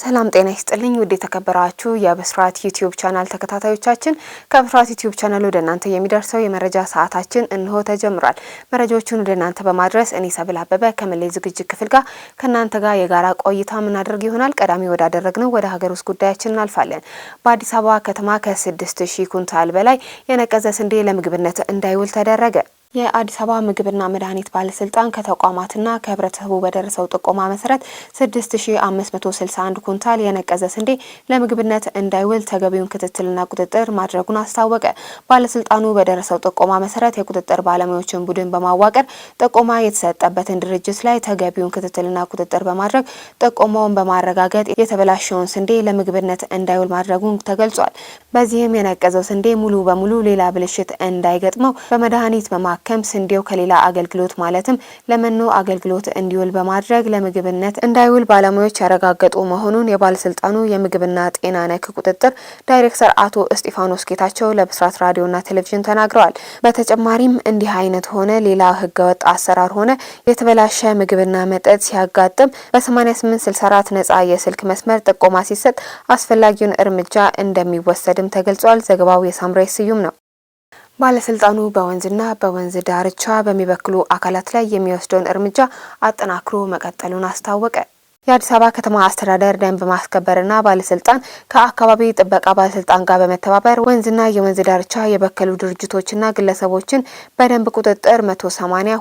ሰላም ጤና ይስጥልኝ። ውድ የተከበራችሁ የብስራት ዩቲዩብ ቻናል ተከታታዮቻችን ከብስራት ዩቲዩብ ቻናል ወደ እናንተ የሚደርሰው የመረጃ ሰዓታችን እንሆ ተጀምሯል። መረጃዎቹን ወደ እናንተ በማድረስ እኔ ሰብል አበበ ከመለይ ዝግጅት ክፍል ጋር ከእናንተ ጋር የጋራ ቆይታ ምናደርግ ይሆናል። ቀዳሚ ወዳደረግነው ወደ ሀገር ውስጥ ጉዳያችን እናልፋለን። በአዲስ አበባ ከተማ ከስድስት ሺህ ኩንታል በላይ የነቀዘ ስንዴ ለምግብነት እንዳይውል ተደረገ። የአዲስ አበባ ምግብና መድኃኒት ባለስልጣን ከተቋማትና ከህብረተሰቡ በደረሰው ጥቆማ መሰረት 6561 ኩንታል የነቀዘ ስንዴ ለምግብነት እንዳይውል ተገቢውን ክትትልና ቁጥጥር ማድረጉን አስታወቀ። ባለስልጣኑ በደረሰው ጥቆማ መሰረት የቁጥጥር ባለሙያዎችን ቡድን በማዋቀር ጥቆማ የተሰጠበትን ድርጅት ላይ ተገቢውን ክትትልና ቁጥጥር በማድረግ ጥቆማውን በማረጋገጥ የተበላሸውን ስንዴ ለምግብነት እንዳይውል ማድረጉን ተገልጿል። በዚህም የነቀዘው ስንዴ ሙሉ በሙሉ ሌላ ብልሽት እንዳይገጥመው በመድኃኒት በማ በማከም ስንዴው ከሌላ አገልግሎት ማለትም ለመኖ አገልግሎት እንዲውል በማድረግ ለምግብነት እንዳይውል ባለሙያዎች ያረጋገጡ መሆኑን የባለስልጣኑ የምግብና ጤና ነክ ቁጥጥር ዳይሬክተር አቶ እስጢፋኖስ ጌታቸው ለብስራት ራዲዮና ቴሌቪዥን ተናግረዋል። በተጨማሪም እንዲህ አይነት ሆነ ሌላ ህገወጥ አሰራር ሆነ የተበላሸ ምግብና መጠጥ ሲያጋጥም በ8864 ነጻ የስልክ መስመር ጥቆማ ሲሰጥ አስፈላጊውን እርምጃ እንደሚወሰድም ተገልጿል። ዘገባው የሳምራይ ስዩም ነው። ባለስልጣኑ በወንዝና በወንዝ ዳርቻ በሚበክሉ አካላት ላይ የሚወስደውን እርምጃ አጠናክሮ መቀጠሉን አስታወቀ። የአዲስ አበባ ከተማ አስተዳደር ደንብ ማስከበርና ባለስልጣን ከአካባቢ ጥበቃ ባለስልጣን ጋር በመተባበር ወንዝና የወንዝ ዳርቻ የበከሉ ድርጅቶችና ግለሰቦችን በደንብ ቁጥጥር 180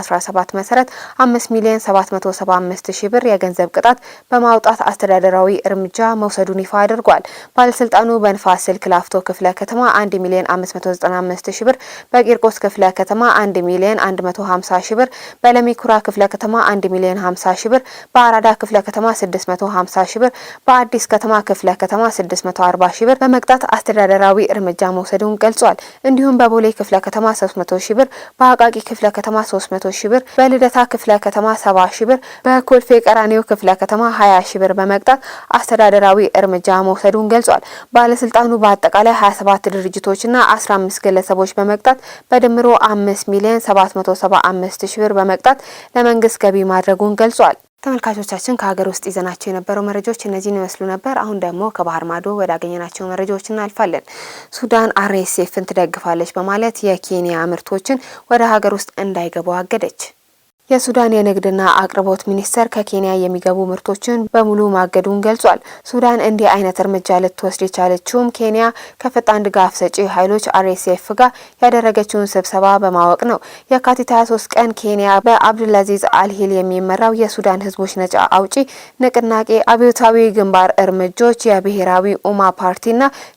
2017 መሰረት 5 ሚሊዮን 775 ሺ ብር የገንዘብ ቅጣት በማውጣት አስተዳደራዊ እርምጃ መውሰዱን ይፋ አድርጓል። ባለስልጣኑ በንፋስ ስልክ ላፍቶ ክፍለ ከተማ 1 ሚሊዮን 595 ሺህ ብር፣ በቂርቆስ ክፍለ ከተማ 1 ሚሊዮን 150 ሺ ብር፣ በለሚኩራ ክፍለ ከተማ 1 ሚሊዮን 50 ሺ ብር፣ በአራዳ ክፍለ ከተማ 650 ሺ ብር፣ በአዲስ ከተማ ክፍለ ከተማ 640 ሺ ብር በመቅጣት አስተዳደራዊ እርምጃ መውሰዱን ገልጿል። እንዲሁም በቦሌ ክፍለ ከተማ 300 ሺ ብር፣ በአቃቂ ክፍለ ከተማ 300 ሺ ብር፣ በልደታ ክፍለ ከተማ 70 ሺ ብር፣ በኮልፌ ቀራኒዮ ክፍለ ከተማ 20 ሺ ብር በመቅጣት አስተዳደራዊ እርምጃ መውሰዱን ገልጿል። ባለስልጣኑ በአጠቃላይ 27 ድርጅቶችና 15 ግለሰቦች በመቅጣት በድምሮ 5 ሚሊዮን 775 ሺ ብር በመቅጣት ለመንግስት ገቢ ማድረጉን ገልጿል። ተመልካቾቻችን ከሀገር ውስጥ ይዘናቸው የነበረው መረጃዎች እነዚህን ይመስሉ ነበር። አሁን ደግሞ ከባህር ማዶ ወዳገኘናቸው መረጃዎች እናልፋለን። ሱዳን አርኤስኤፍን ትደግፋለች በማለት የኬንያ ምርቶችን ወደ ሀገር ውስጥ እንዳይገቡ አገደች። የሱዳን የንግድና አቅርቦት ሚኒስቴር ከኬንያ የሚገቡ ምርቶችን በሙሉ ማገዱን ገልጿል። ሱዳን እንዲህ አይነት እርምጃ ልትወስድ የቻለችውም ኬንያ ከፈጣን ድጋፍ ሰጪ ኃይሎች አርኤስኤፍ ጋር ያደረገችውን ስብሰባ በማወቅ ነው። የካቲት 23 ቀን ኬንያ በአብዱልአዚዝ አልሂል የሚመራው የሱዳን ህዝቦች ነጻ አውጪ ንቅናቄ አብዮታዊ ግንባር እርምጆች የብሔራዊ ኡማ ፓርቲና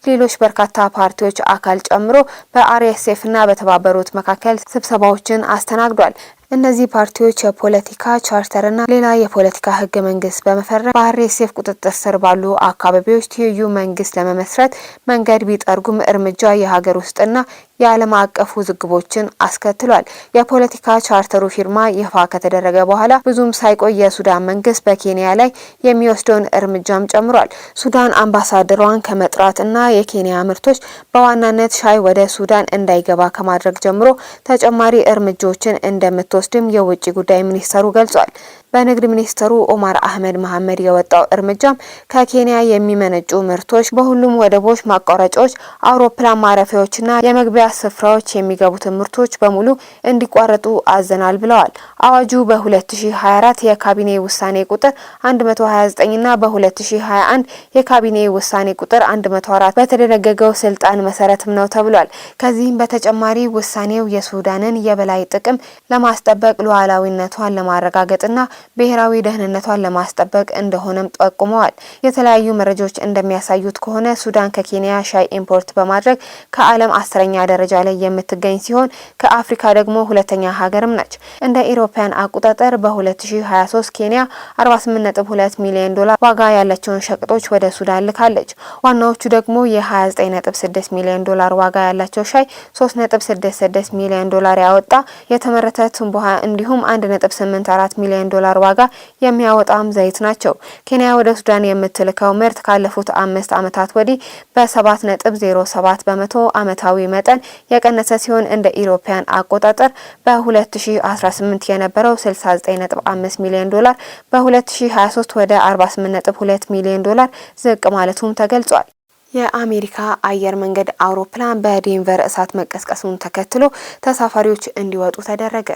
ሌሎች በርካታ ፓርቲዎች አካል ጨምሮ በአርኤስኤፍና በተባበሩት መካከል ስብሰባዎችን አስተናግዷል። እነዚህ ፓርቲዎች የፖለቲካ ቻርተርና ሌላ የፖለቲካ ህገ መንግስት በመፈረም በአርኤስኤፍ ቁጥጥር ስር ባሉ አካባቢዎች ትይዩ መንግስት ለመመስረት መንገድ ቢጠርጉም እርምጃ የሀገር ውስጥና የዓለም አቀፍ ውዝግቦችን አስከትሏል። የፖለቲካ ቻርተሩ ፊርማ ይፋ ከተደረገ በኋላ ብዙም ሳይቆይ የሱዳን መንግስት በኬንያ ላይ የሚወስደውን እርምጃም ጨምሯል። ሱዳን አምባሳደሯን ከመጥራት እና የኬንያ ምርቶች በዋናነት ሻይ ወደ ሱዳን እንዳይገባ ከማድረግ ጀምሮ ተጨማሪ እርምጃዎችን እንደምትወ እንደሚወስድም የውጭ ጉዳይ ሚኒስተሩ ገልጿል። በንግድ ሚኒስትሩ ኦማር አህመድ መሐመድ የወጣው እርምጃ ከኬንያ የሚመነጩ ምርቶች በሁሉም ወደቦች፣ ማቋረጫዎች፣ አውሮፕላን ማረፊያዎችና የመግቢያ ስፍራዎች የሚገቡትን ምርቶች በሙሉ እንዲቋረጡ አዘናል ብለዋል። አዋጁ በ2024 የካቢኔ ውሳኔ ቁጥር 129ና በ2021 የካቢኔ ውሳኔ ቁጥር 104 በተደነገገው ስልጣን መሰረትም ነው ተብሏል። ከዚህም በተጨማሪ ውሳኔው የሱዳንን የበላይ ጥቅም ለማስጠበቅ ሉዓላዊነቷን ለማረጋገጥና ብሔራዊ ደህንነቷን ለማስጠበቅ እንደሆነም ጠቁመዋል። የተለያዩ መረጃዎች እንደሚያሳዩት ከሆነ ሱዳን ከኬንያ ሻይ ኢምፖርት በማድረግ ከዓለም አስረኛ ደረጃ ላይ የምትገኝ ሲሆን ከአፍሪካ ደግሞ ሁለተኛ ሀገርም ነች። እንደ ኢሮፓያን አቆጣጠር በ2023 ኬንያ 48.2 ሚሊዮን ዶላር ዋጋ ያላቸውን ሸቀጦች ወደ ሱዳን ልካለች። ዋናዎቹ ደግሞ የ29.6 ሚሊዮን ዶላር ዋጋ ያላቸው ሻይ፣ 3.66 ሚሊዮን ዶላር ያወጣ የተመረተ ትንበሃ እንዲሁም 1.84 ሚሊዮን ዶላር ዶላር ዋጋ የሚያወጣም ዘይት ናቸው። ኬንያ ወደ ሱዳን የምትልከው ምርት ካለፉት አምስት ዓመታት ወዲህ በሰባት ነጥብ ዜሮ ሰባት በመቶ ዓመታዊ መጠን የቀነሰ ሲሆን እንደ ኢሮፓያን አቆጣጠር በ2018 የነበረው 69.5 ሚሊዮን ዶላር በ2023 ወደ 48.2 ሚሊዮን ዶላር ዝቅ ማለቱም ተገልጿል። የአሜሪካ አየር መንገድ አውሮፕላን በዴንቨር እሳት መቀስቀሱን ተከትሎ ተሳፋሪዎች እንዲወጡ ተደረገ።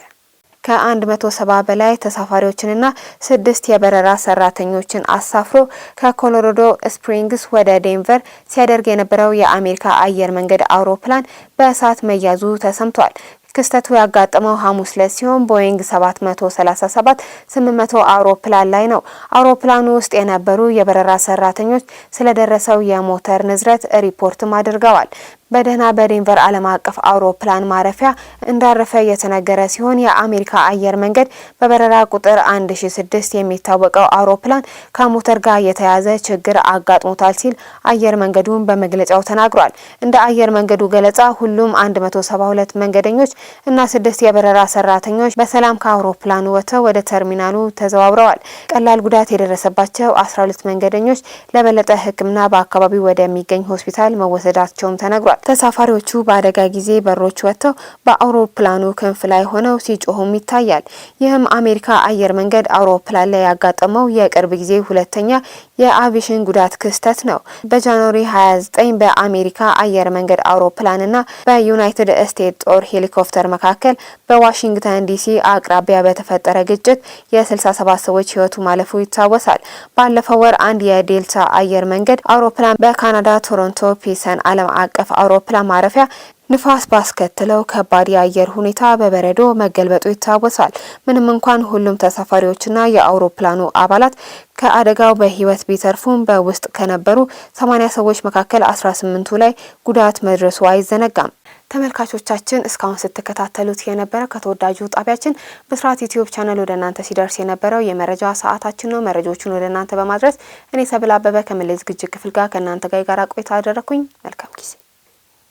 ከ170 በላይ ተሳፋሪዎችንና ስድስት የበረራ ሰራተኞችን አሳፍሮ ከኮሎራዶ ስፕሪንግስ ወደ ዴንቨር ሲያደርግ የነበረው የአሜሪካ አየር መንገድ አውሮፕላን በእሳት መያዙ ተሰምቷል። ክስተቱ ያጋጠመው ሐሙስ ለት ሲሆን ቦይንግ 737 800 አውሮፕላን ላይ ነው። አውሮፕላኑ ውስጥ የነበሩ የበረራ ሰራተኞች ስለደረሰው የሞተር ንዝረት ሪፖርትም አድርገዋል። በደህና በዴንቨር ዓለም አቀፍ አውሮፕላን ማረፊያ እንዳረፈ የተነገረ ሲሆን የአሜሪካ አየር መንገድ በበረራ ቁጥር 1006 የሚታወቀው አውሮፕላን ከሞተር ጋር የተያዘ ችግር አጋጥሞታል ሲል አየር መንገዱን በመግለጫው ተናግሯል። እንደ አየር መንገዱ ገለጻ ሁሉም 172 መንገደኞች እና ስድስት የበረራ ሰራተኞች በሰላም ከአውሮፕላኑ ወጥተው ወደ ተርሚናሉ ተዘዋውረዋል። ቀላል ጉዳት የደረሰባቸው 12 መንገደኞች ለበለጠ ሕክምና በአካባቢው ወደሚገኝ ሆስፒታል መወሰዳቸውም ተነግሯል። ተገልጿል። ተሳፋሪዎቹ በአደጋ ጊዜ በሮች ወጥተው በአውሮፕላኑ ክንፍ ላይ ሆነው ሲጮሁም ይታያል። ይህም አሜሪካ አየር መንገድ አውሮፕላን ላይ ያጋጠመው የቅርብ ጊዜ ሁለተኛ የአቪሽን ጉዳት ክስተት ነው። በጃንዋሪ 29 በአሜሪካ አየር መንገድ አውሮፕላንና በዩናይትድ ስቴትስ ጦር ሄሊኮፕተር መካከል በዋሽንግተን ዲሲ አቅራቢያ በተፈጠረ ግጭት የ67 ሰዎች ህይወቱ ማለፉ ይታወሳል። ባለፈው ወር አንድ የዴልታ አየር መንገድ አውሮፕላን በካናዳ ቶሮንቶ ፒሰን ዓለም አቀፍ አውሮፕላን ማረፊያ ንፋስ ባስከትለው ከባድ የአየር ሁኔታ በበረዶ መገልበጡ ይታወሳል። ምንም እንኳን ሁሉም ተሳፋሪዎችና የአውሮፕላኑ አባላት ከአደጋው በህይወት ቢተርፉም በውስጥ ከነበሩ 80 ሰዎች መካከል 18ቱ ላይ ጉዳት መድረሱ አይዘነጋም። ተመልካቾቻችን እስካሁን ስትከታተሉት የነበረው ከተወዳጁ ጣቢያችን ብስራት ዩቲዩብ ቻናል ወደ እናንተ ሲደርስ የነበረው የመረጃ ሰዓታችን ነው። መረጃዎቹን ወደ እናንተ በማድረስ እኔ ሰብል አበበ ከምልል ዝግጅት ክፍል ጋር ከእናንተ ጋር የጋራ ቆይታ አደረኩኝ። መልካም ጊዜ